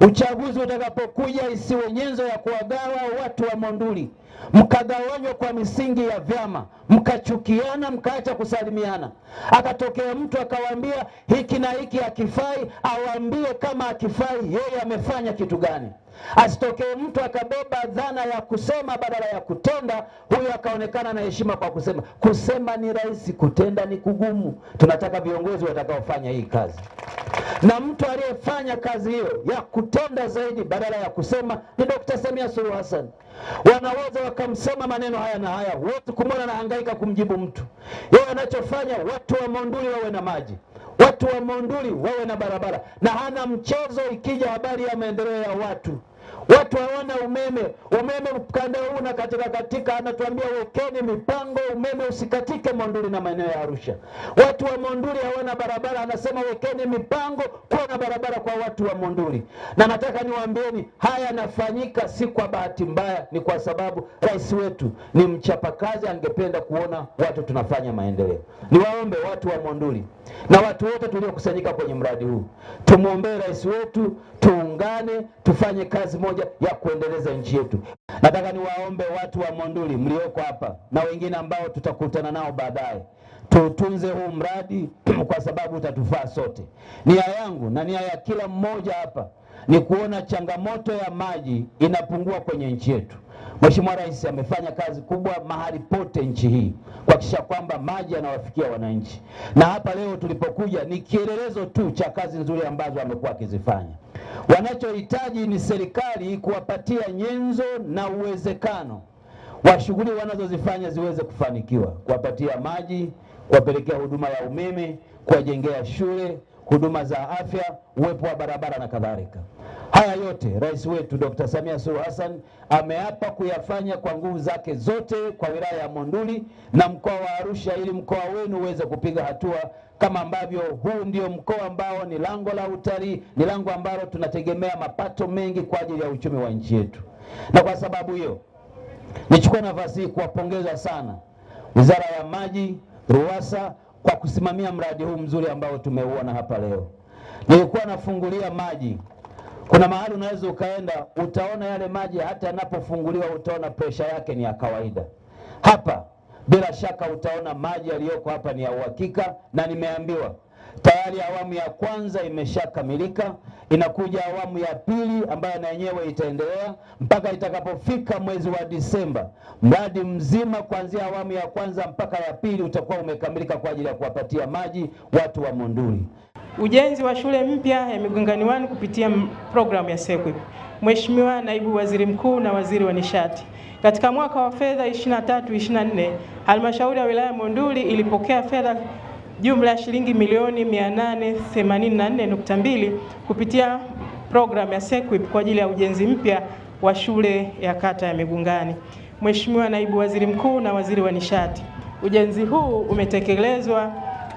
Uchaguzi utakapokuja isiwe nyenzo ya kuwagawa watu wa Monduli, mkagawanywa kwa misingi ya vyama, mkachukiana, mkaacha kusalimiana. Akatokea mtu akawaambia hiki na hiki akifai awaambie kama akifai yeye amefanya kitu gani. Asitokee mtu akabeba dhana ya kusema badala ya kutenda, huyo akaonekana na heshima kwa kusema. Kusema ni rahisi, kutenda ni kugumu. Tunataka viongozi watakaofanya hii kazi na mtu aliyefanya kazi hiyo ya kutenda zaidi badala ya kusema ni Dkt. Samia Suluhu Hassan. Wanaweza wakamsema maneno haya na haya, wote kumwona anahangaika kumjibu mtu. Yeye anachofanya watu wa Monduli wawe na maji, watu wa Monduli wawe na barabara, na hana mchezo ikija habari ya maendeleo ya watu watu hawana umeme. Umeme mkanda huu na katika katika, anatuambia wekeni mipango umeme usikatike Monduli na maeneo ya Arusha. Watu wa Monduli hawana barabara, anasema wekeni mipango kuwa na barabara kwa watu wa Monduli. Na nataka niwaambieni, haya yanafanyika si kwa bahati mbaya, ni kwa sababu rais wetu ni mchapakazi, angependa kuona watu tunafanya maendeleo. Niwaombe watu wa Monduli na watu wote tuliokusanyika kwenye mradi huu, tumwombee rais wetu, tuungane, tufanye kazi moja moja ya kuendeleza nchi yetu. Nataka niwaombe watu wa Monduli mlioko hapa na wengine ambao tutakutana nao baadaye, tutunze huu mradi kwa sababu utatufaa sote. Nia yangu na nia ya kila mmoja hapa ni kuona changamoto ya maji inapungua kwenye nchi yetu. Mheshimiwa Rais amefanya kazi kubwa mahali pote nchi hii kuhakikisha kwamba maji yanawafikia wananchi, na hapa leo tulipokuja ni kielelezo tu cha kazi nzuri ambazo amekuwa akizifanya. Wanachohitaji ni serikali kuwapatia nyenzo na uwezekano wa shughuli wanazozifanya ziweze kufanikiwa, kuwapatia maji, kuwapelekea huduma ya umeme, kuwajengea shule, huduma za afya, uwepo wa barabara na kadhalika. Haya yote rais wetu Dr. Samia Suluhu Hassan ameapa kuyafanya kwa nguvu zake zote kwa wilaya ya Monduli na mkoa wa Arusha ili mkoa wenu uweze kupiga hatua kama ambavyo huu ndio mkoa ambao ni lango la utalii, ni lango ambalo tunategemea mapato mengi kwa ajili ya uchumi wa nchi yetu. Na kwa sababu hiyo, nichukua nafasi hii kuwapongeza sana Wizara ya Maji, RUWASA kwa kusimamia mradi huu mzuri ambao tumeuona hapa leo. Nilikuwa nafungulia maji kuna mahali unaweza ukaenda utaona yale maji hata yanapofunguliwa utaona presha yake ni ya kawaida. Hapa bila shaka utaona maji yaliyoko hapa ni ya uhakika, na nimeambiwa tayari awamu ya kwanza imeshakamilika, inakuja awamu ya pili ambayo na yenyewe itaendelea mpaka itakapofika mwezi wa Disemba. Mradi mzima kuanzia awamu ya kwanza mpaka ya pili utakuwa umekamilika kwa ajili ya kuwapatia maji watu wa Monduli. Ujenzi wa shule mpya ya Migongani One kupitia programu ya SEQUIP. Mheshimiwa Naibu Waziri Mkuu na Waziri wa Nishati, katika mwaka wa fedha 23/24 Halmashauri ya Wilaya Monduli ilipokea fedha jumla ya shilingi milioni 884.2 kupitia programu ya SEQUIP kwa ajili ya ujenzi mpya wa shule ya kata ya Migongani. Mheshimiwa Naibu Waziri Mkuu na Waziri wa Nishati, ujenzi huu umetekelezwa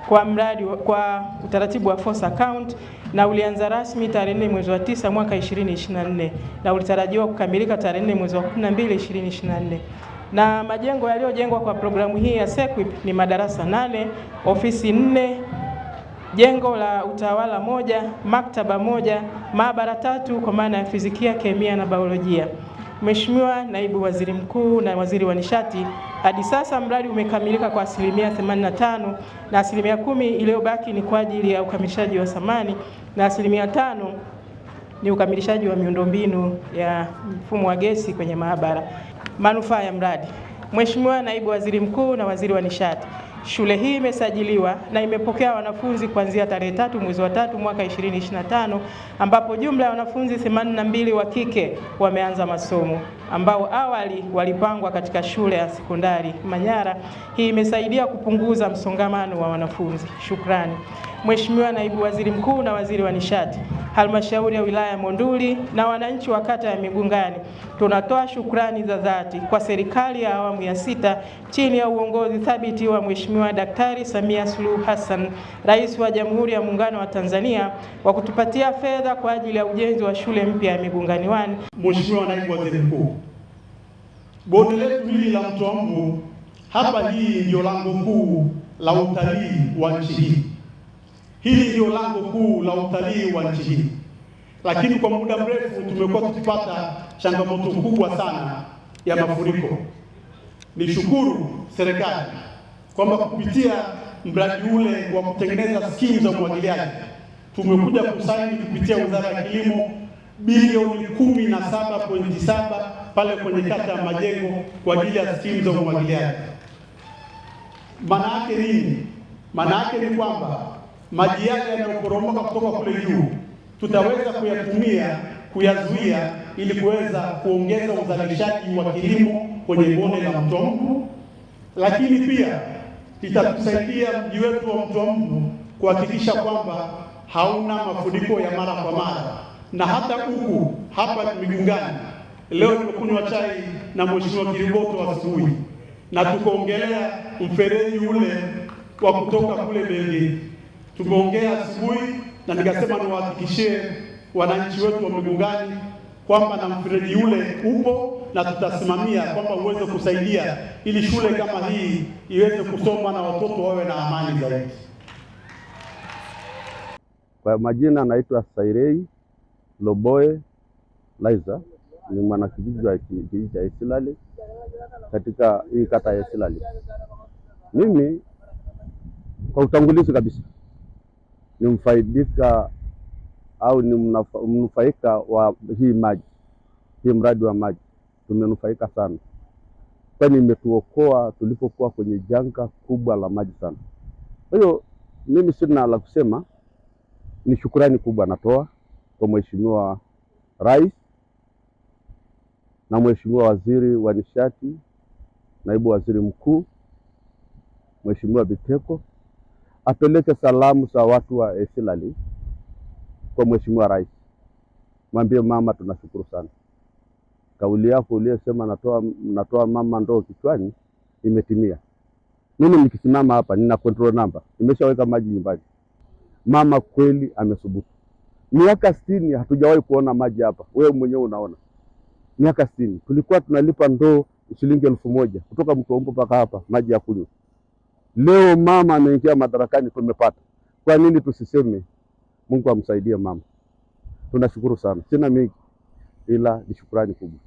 kwa mradi kwa utaratibu wa force account na ulianza rasmi tarehe 4 mwezi wa 9 mwaka 2024 na ulitarajiwa kukamilika tarehe 4 mwezi wa 12 2024 na majengo yaliyojengwa kwa programu hii ya SEQUIP ni madarasa nane, ofisi nne, jengo la utawala moja, maktaba moja, maabara tatu kwa maana ya fizikia, kemia na biolojia. Mheshimiwa Naibu Waziri Mkuu na Waziri wa Nishati, hadi sasa mradi umekamilika kwa asilimia 85 na asilimia kumi iliyobaki ni kwa ajili ya ukamilishaji wa samani na asilimia tano ni ukamilishaji wa miundombinu ya mfumo wa gesi kwenye maabara. Manufaa ya mradi. Mheshimiwa Naibu Waziri Mkuu na Waziri wa Nishati, Shule hii imesajiliwa na imepokea wanafunzi kuanzia tarehe tatu mwezi wa tatu mwaka 2025 ambapo jumla ya wanafunzi 82 wa kike wameanza masomo ambao awali walipangwa katika shule ya sekondari Manyara. Hii imesaidia kupunguza msongamano wa wanafunzi. Shukrani Mheshimiwa Naibu Waziri Mkuu na Waziri wa Nishati halmashauri ya wilaya ya Monduli na wananchi wa kata ya Migungani, tunatoa shukrani za dhati kwa serikali ya awamu ya sita chini ya uongozi thabiti wa Mheshimiwa Daktari Samia Suluhu Hassan, Rais wa Jamhuri ya Muungano wa Tanzania, kwa kutupatia fedha kwa ajili ya ujenzi wa shule mpya ya Migungani wani. Mheshimiwa Naibu Waziri Mkuu, bonde letu hili la Mto wa Mbu hapa, hii ndio lango kuu la utalii wa nchi hii. Hili ndio lango kuu la utalii wa nchi hii, lakini kwa muda mrefu tumekuwa tukipata changamoto kubwa sana ya mafuriko. Nishukuru serikali kwamba kupitia mradi ule wa kutengeneza skimu za umwagiliaji tumekuja kusaini kupitia Wizara ya Kilimo bilioni saba pale kwenye kata ya Majengo kwa ajili ya skimu za umwagiliaji. Maana yake nini? Maana yake ni kwamba maji yale yanayoporomoka kutoka kule juu tutaweza kuyatumia kuyazuia ili kuweza kuongeza uzalishaji wa kilimo kwenye bonde la Mto Mbu, lakini pia litatusaidia mji wetu wa Mto Mbu kuhakikisha kwamba hauna mafuriko ya mara kwa mara. Na hata huku hapa Migungani leo nimekunywa chai na Mheshimiwa kiriboto asubuhi, na tukaongelea mfereji ule wa kutoka kule Bengi Tumeongea asubuhi na nikasema niwahakikishie wananchi wetu wa Migungani kwamba na mfereji ule upo na tutasimamia kwamba uweze kusaidia ili shule kama hii iweze kusoma na watoto wawe na amani zaidi. Kwa majina naitwa Sairei Loboe Laiza, ni mwanakijiji wa kijiji cha Isilali katika hii kata ya Isilali. Mimi kwa utangulizi kabisa ni mfaidika au ni mnufaika wa hii maji, hii mradi wa maji. Tumenufaika sana, kwani imetuokoa tulipokuwa kwenye janga kubwa la maji sana. Kwa hiyo mimi sina la kusema, ni shukurani kubwa natoa kwa Mheshimiwa Rais na Mheshimiwa Waziri wa Nishati, Naibu Waziri Mkuu Mheshimiwa Biteko apeleke salamu za watu wa Esilali kwa mheshimiwa rais, mwambie mama, tunashukuru sana kauli yako uliyosema natoa, natoa mama ndoo kichwani imetimia. Mimi nikisimama hapa nina control namba, nimeshaweka maji nyumbani. Mama kweli amethubutu. Miaka sitini hatujawahi kuona maji hapa, wewe mwenyewe unaona. Miaka sitini tulikuwa tunalipa ndoo shilingi elfu moja kutoka Mtombo mpaka hapa maji ya kunywa. Leo mama ameingia madarakani, tumepata. Kwa nini tusiseme Mungu amsaidie mama? Tunashukuru sana, sina mingi ila ni shukrani kubwa.